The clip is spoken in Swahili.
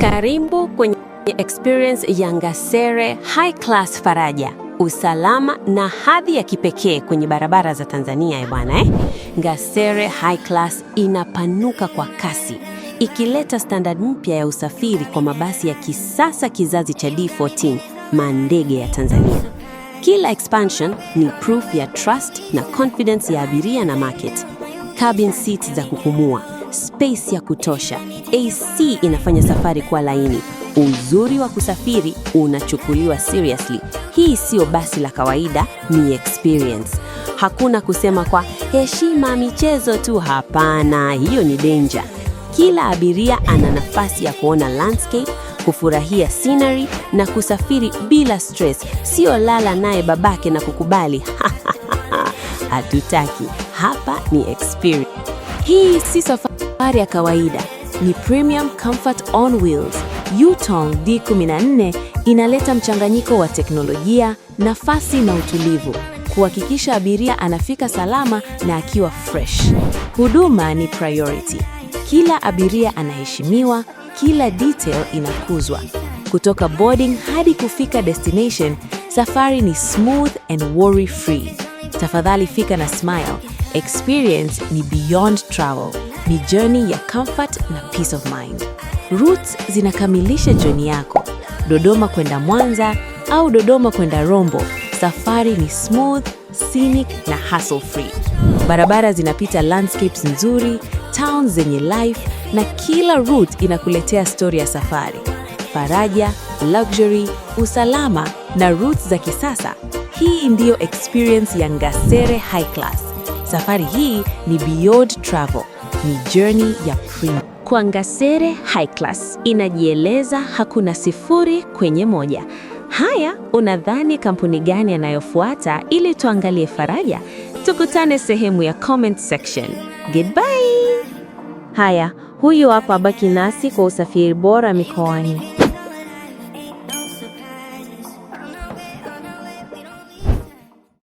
Karibu kwenye experience ya Ngasere High Class Faraja, usalama na hadhi ya kipekee kwenye barabara za Tanzania bwana eh. Ngasere High Class inapanuka kwa kasi ikileta standard mpya ya usafiri kwa mabasi ya kisasa kizazi cha D14 mandege ya Tanzania. Kila expansion ni proof ya trust na confidence ya abiria na market. Cabin seats za kupumua space ya kutosha, AC inafanya safari kwa laini. Uzuri wa kusafiri unachukuliwa seriously. Hii siyo basi la kawaida, ni experience. Hakuna kusema kwa heshima michezo tu, hapana, hiyo ni danger. Kila abiria ana nafasi ya kuona landscape, kufurahia scenery na kusafiri bila stress, sio lala naye babake na kukubali hatutaki. Hapa ni experience. Hii si safari safari ya kawaida ni Premium Comfort on Wheels. Yutong D14 inaleta mchanganyiko wa teknolojia, nafasi na utulivu kuhakikisha abiria anafika salama na akiwa fresh. Huduma ni priority. Kila abiria anaheshimiwa, kila detail inakuzwa. Kutoka boarding hadi kufika destination, safari ni smooth and worry free. Tafadhali fika na smile. Experience ni beyond travel ni joni ya comfort na peace of mind. Roots zinakamilisha joni yako Dodoma kwenda Mwanza au Dodoma kwenda Rombo. Safari ni smooth, scenic na hassle free. Barabara zinapita landscapes nzuri, towns zenye life na kila route inakuletea stori ya safari, faraja, luxury, usalama na routes za kisasa. Hii ndiyo experience ya Ngasere High Class. Safari hii ni beyond travel ni journey ya Prima. Kuangasere High Class inajieleza, hakuna sifuri kwenye moja. Haya, unadhani kampuni gani anayofuata ili tuangalie faraja? Tukutane sehemu ya comment section. Goodbye. Haya, huyu hapa, baki nasi kwa usafiri bora mikoani.